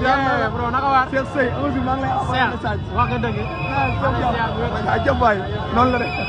bro naka waat Cheikh Seye un jour maa ngi lay wax nga dëgg. waaw jëm waay noonu la de.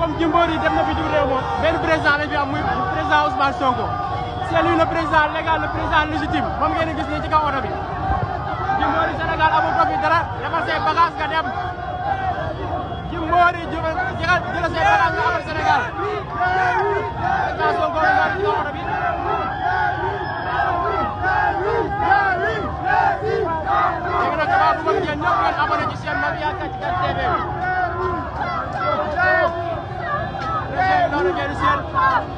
comme Jimbori def na fi du réew moom benn président lañ fi am muy président Ousmane Sonko c'est lui le président légal le président légitime moom ngeen gis nii ci kaw oto bi Jimbori Sénégal amul ko fi dara defal say bagage nga dem Jimbori jël jël say bagage nga amal Sénégal président Sonko nga ci kaw oto bi léegi nag damaa bëgg ngeen ñëpp ngeen abonné ci chaîne Naby Yakhya Kandji TV Yeah.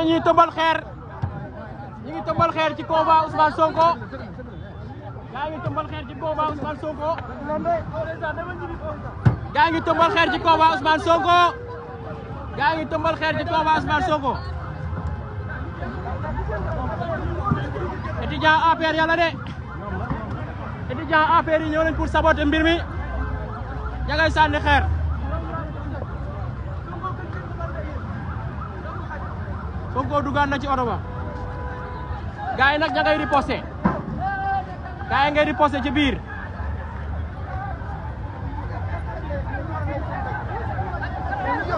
dañuy tëmbal xeer ñu ngi tëmbal xeer ci koba Ousmane Sonko gaa itu tëmbal xeer ci koba Ousmane Sonko gaa itu tëmbal xeer ci koba Ousmane Sonko gaa itu tëmbal xeer ci koba Ousmane Sonko étudiant APR yàlla de étudiant APR yi ñëw nañ pour saboter mbir mi ña ngay xeer ko dugaan na ci auto ba gaay nak ñay ña gaay ngay riposté ci biir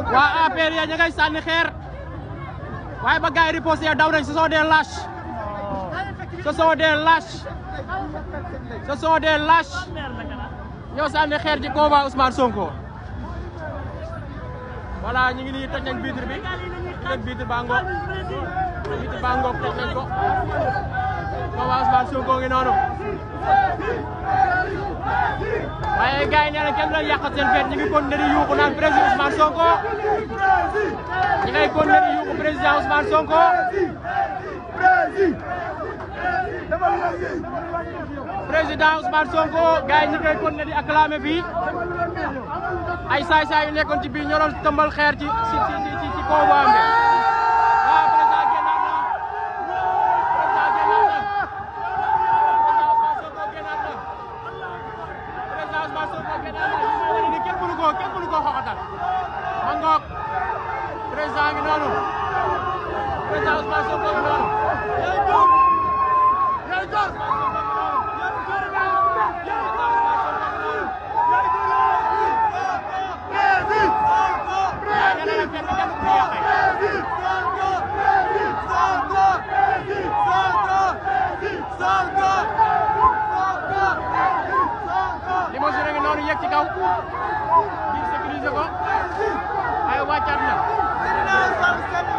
waa APR ya ña ngay sànni xeer way ba gaay yi ya daw nañ ce sont des lâches ce sont des lâches ce sont des lâches ñoo sanni xeer ci combat Ousmane Sonko voilà ñu ngi nii toj nañ vitre bi toj vitre baa ngoog vitre baa ngoog toj nañ ko Papa Ousmane Sonko ngi noonu waaye gars yi nee na kenn doon yàqal seen feet ñu ngi continué di yuuxu naan président Ousmane Sonko ñu ngay continué di yuuxu président Ousmane Sonko. président Ousmane Sonko gars yi ñu ngi koy continué di acclamé fii. ay saay-saay yu nekkoon ci biir ñoo doon xeer ci ci ci Karna.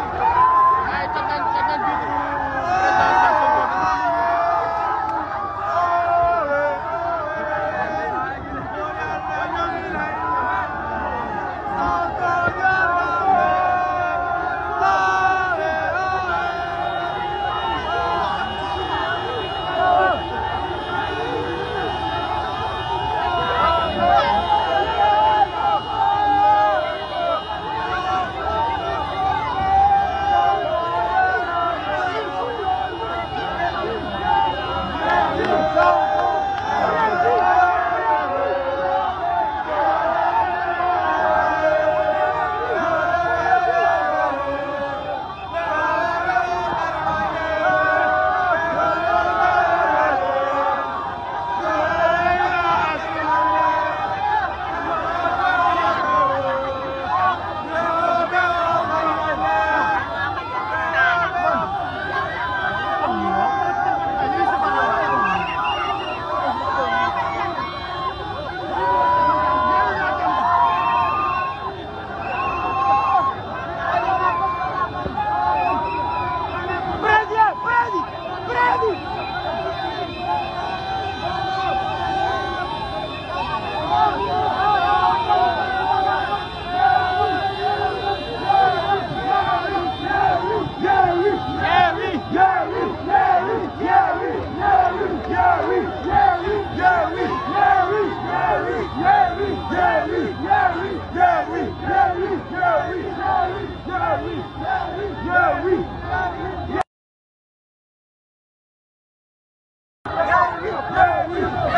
É isso!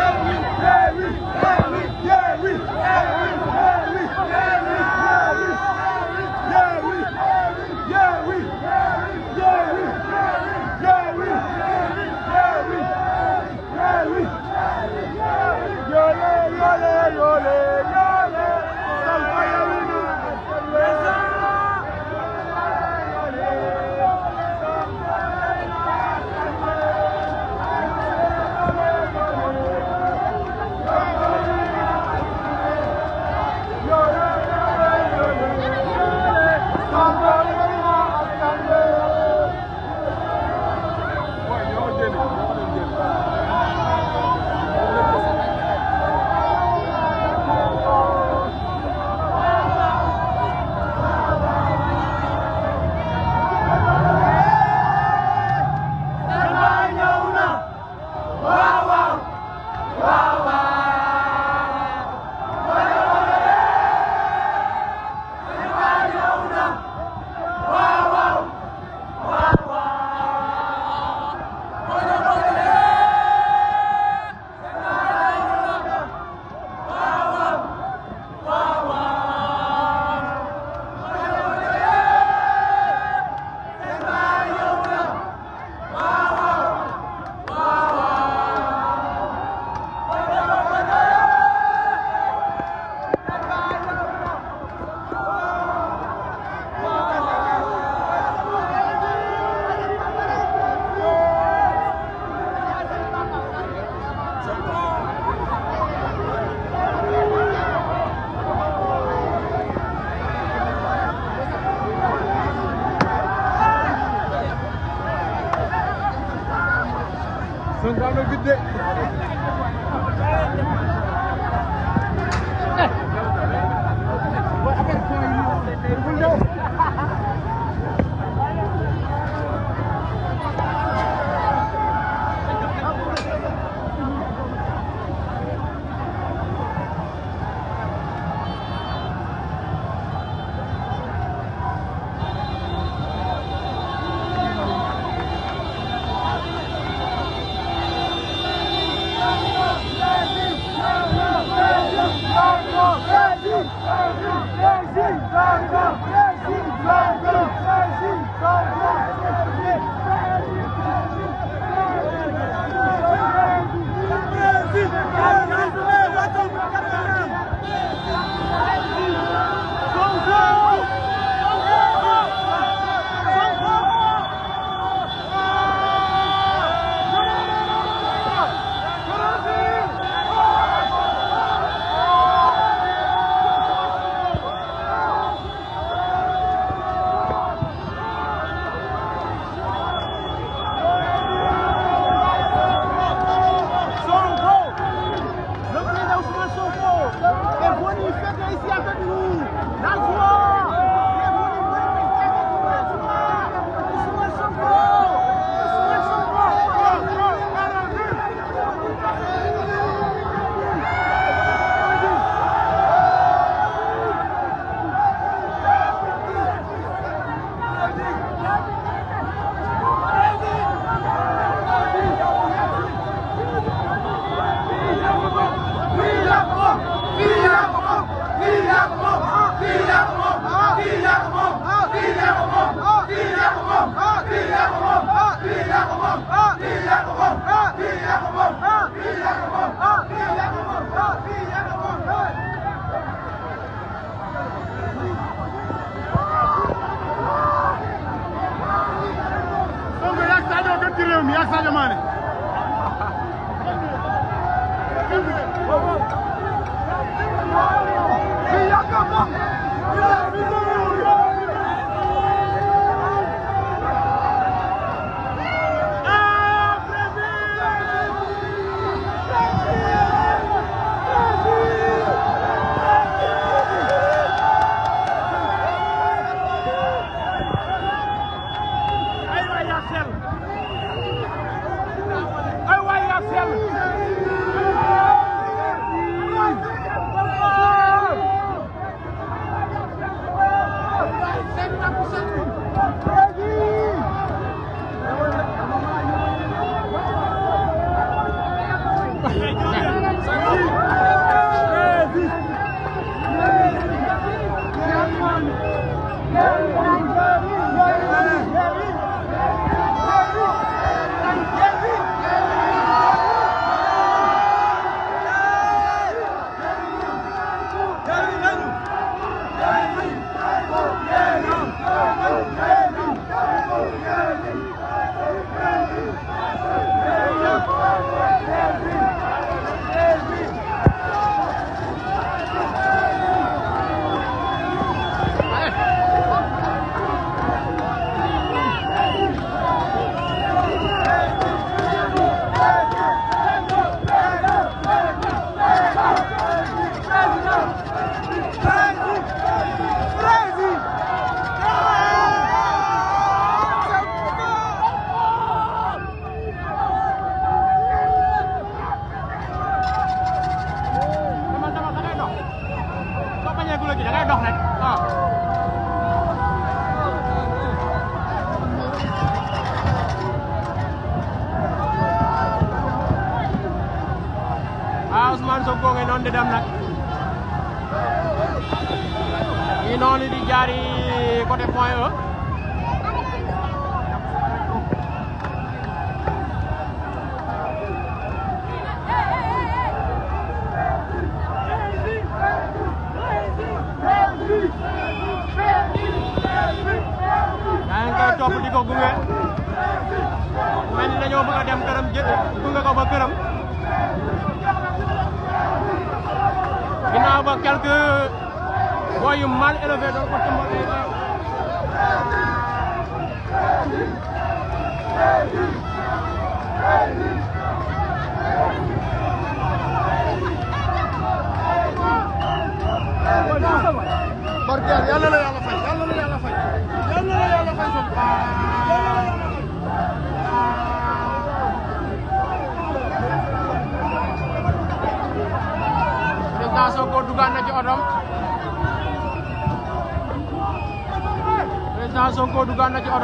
président Sonko duggaan na ci oto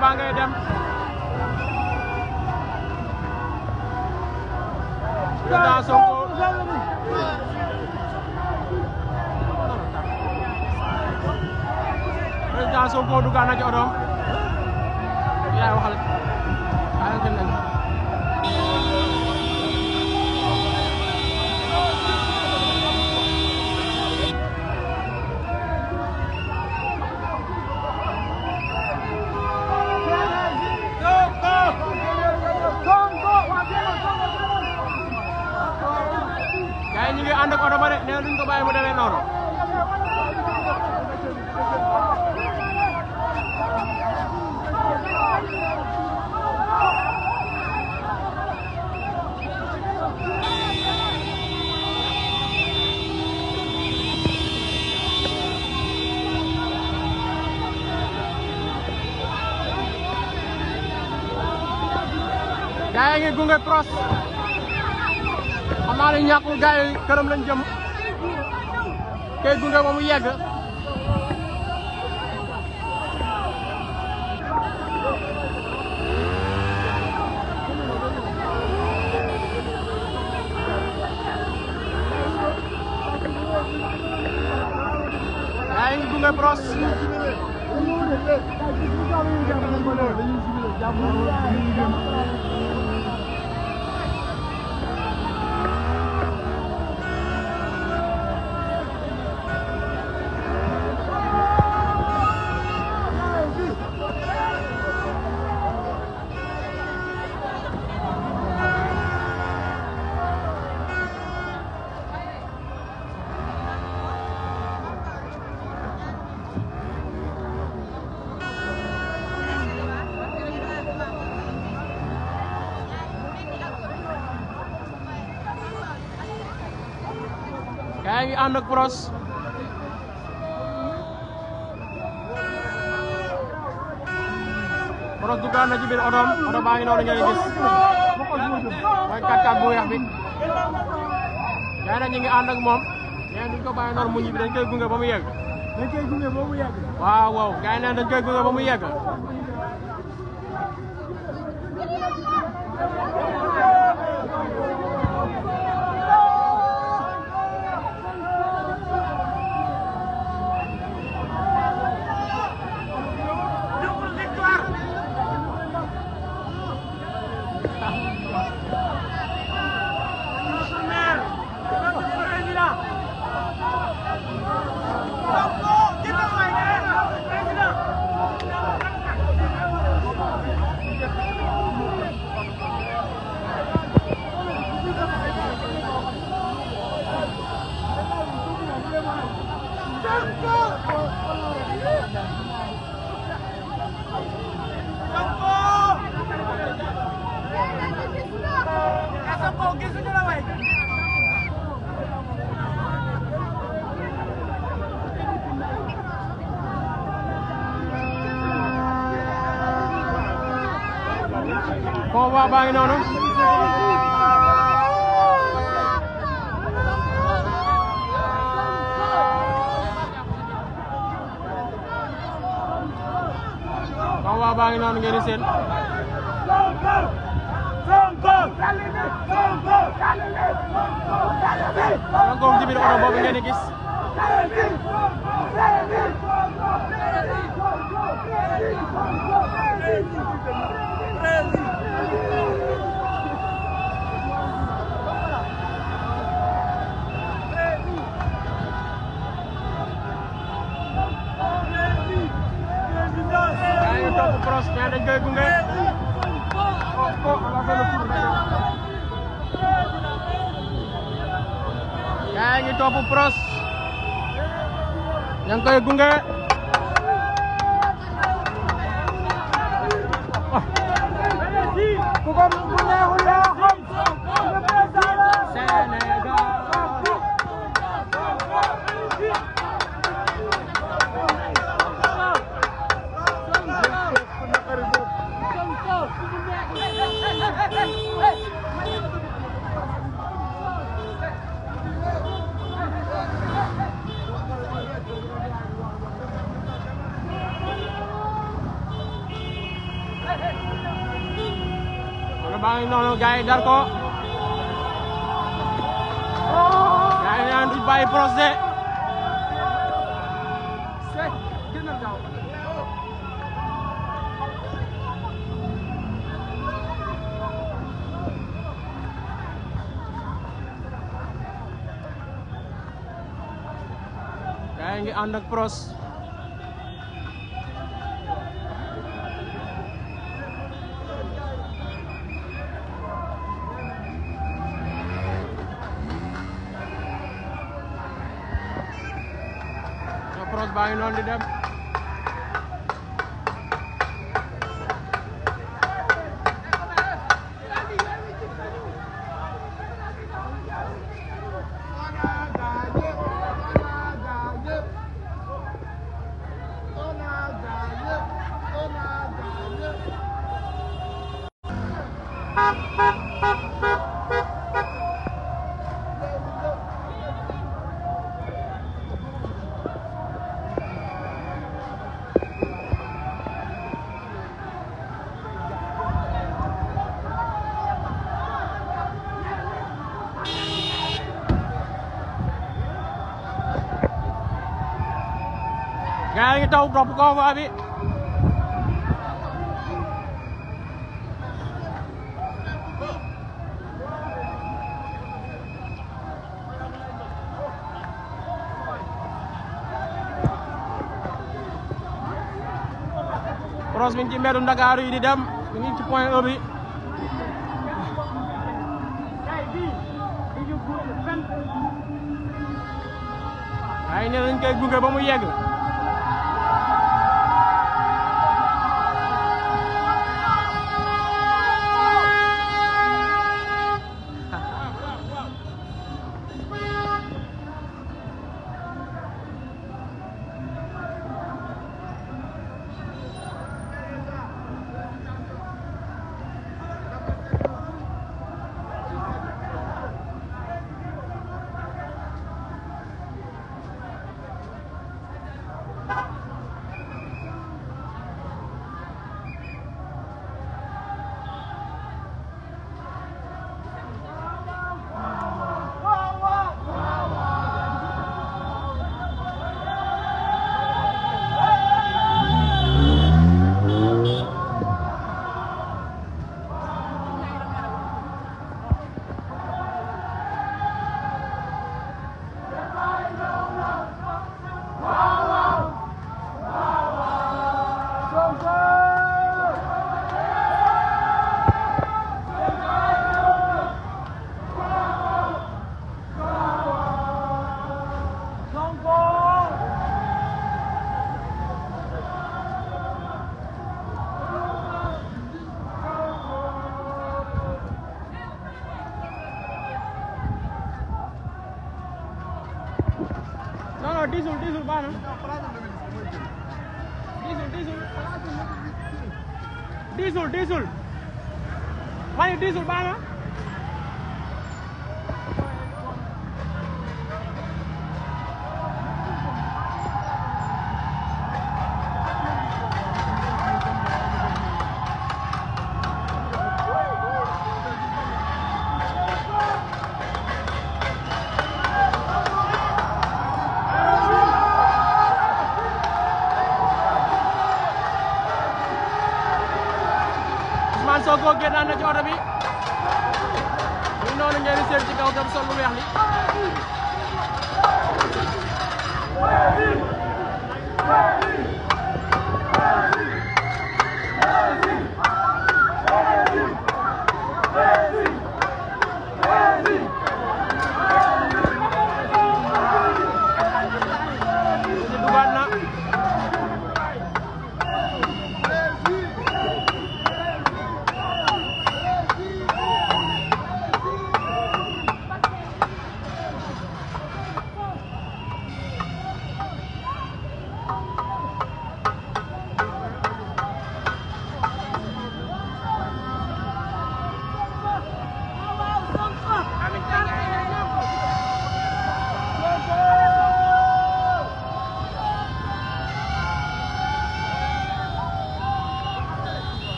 baa ngay Ousmane Sonko dugg na ci otoom yaay waxal xaaral gën nañ ñu ngi ànd ak oto ba de nee duñ ko bàyyi mu demee noonu gaa yi ngi cross xam naa ne ñàkkul gaa jëm kay gunge ba mu yegg cross Thank you. Anak pros, pros juga lagi na orang biir otoom oto baa ngi noonu ngeen bu weex bi mom ngi ñu ngi ànd ak moom mais duñ ko bàyyi noonu mu ñibbi dañ koy gunge Wow mu yegg combat baa ngi noonu combat ngi noonu ngeen di seen ci biir oto gis avance mais dañ ngi topp anak pros Pros bangin non di dalam. daw topp convoi bi Brosse mi ngi ci mbedu Ndakaaru yi di dem mi ngi ci point E bi ay ne dañ koy gunge ba mu yegg non non diisul diisul baax na diisul diisul diisul diisul ma ne diisul baax na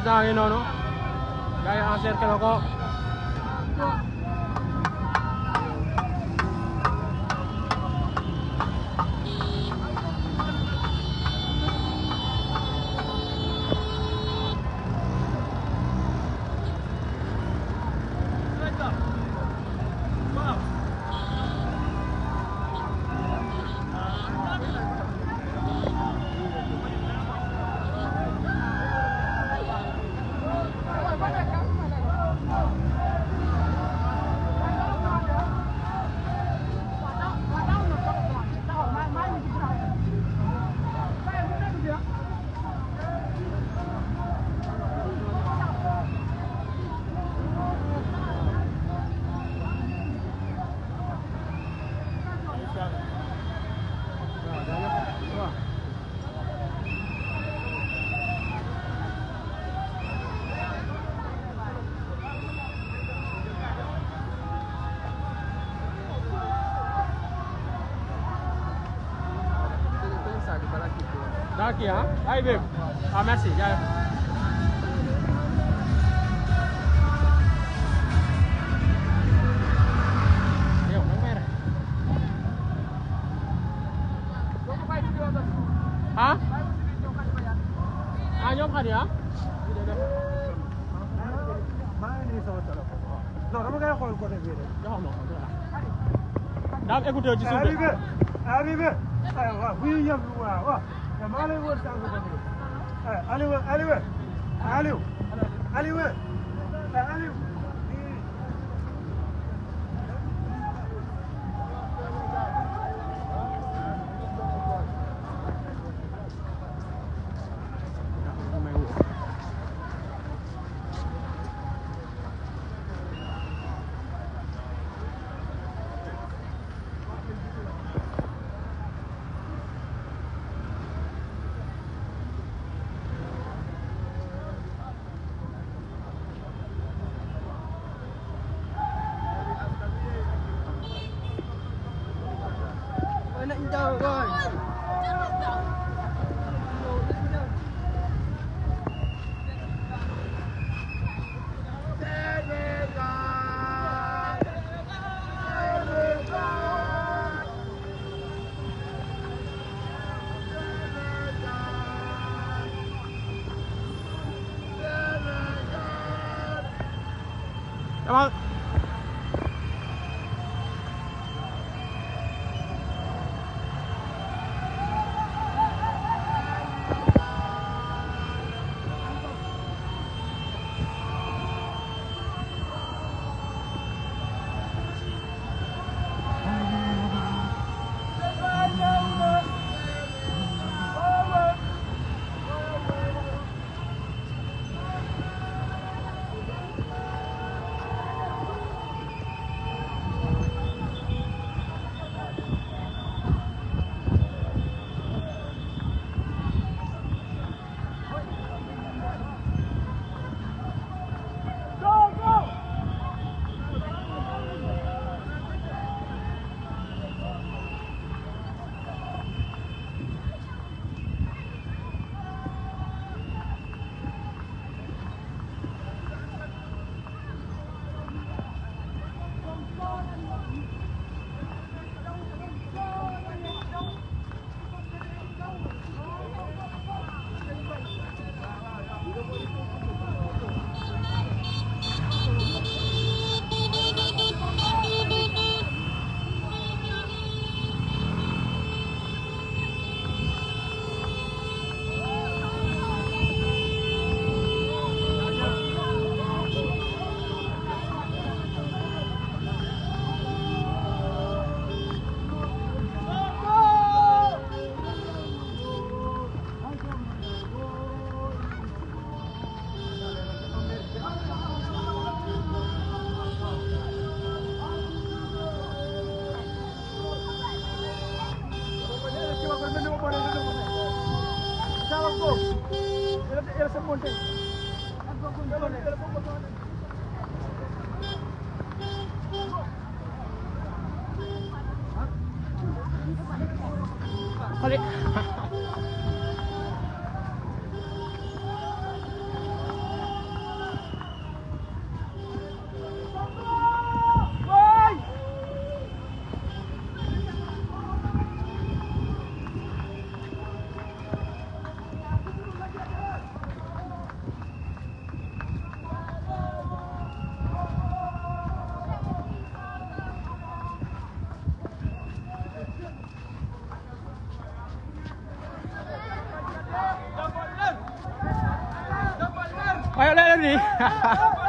président ngi noonu gars yi encerclé ko kìa ai về à Messi ra Hả? À nhóm khá đi hả? Đi đây đây. No, non magari con il cuore vede. No, no, no. Dai, écoutez, tu sais. Arrive. Arrive. Ah, oui, il y a Aliou Aliou Aliou Aliou lãnh đạo rồi Dani!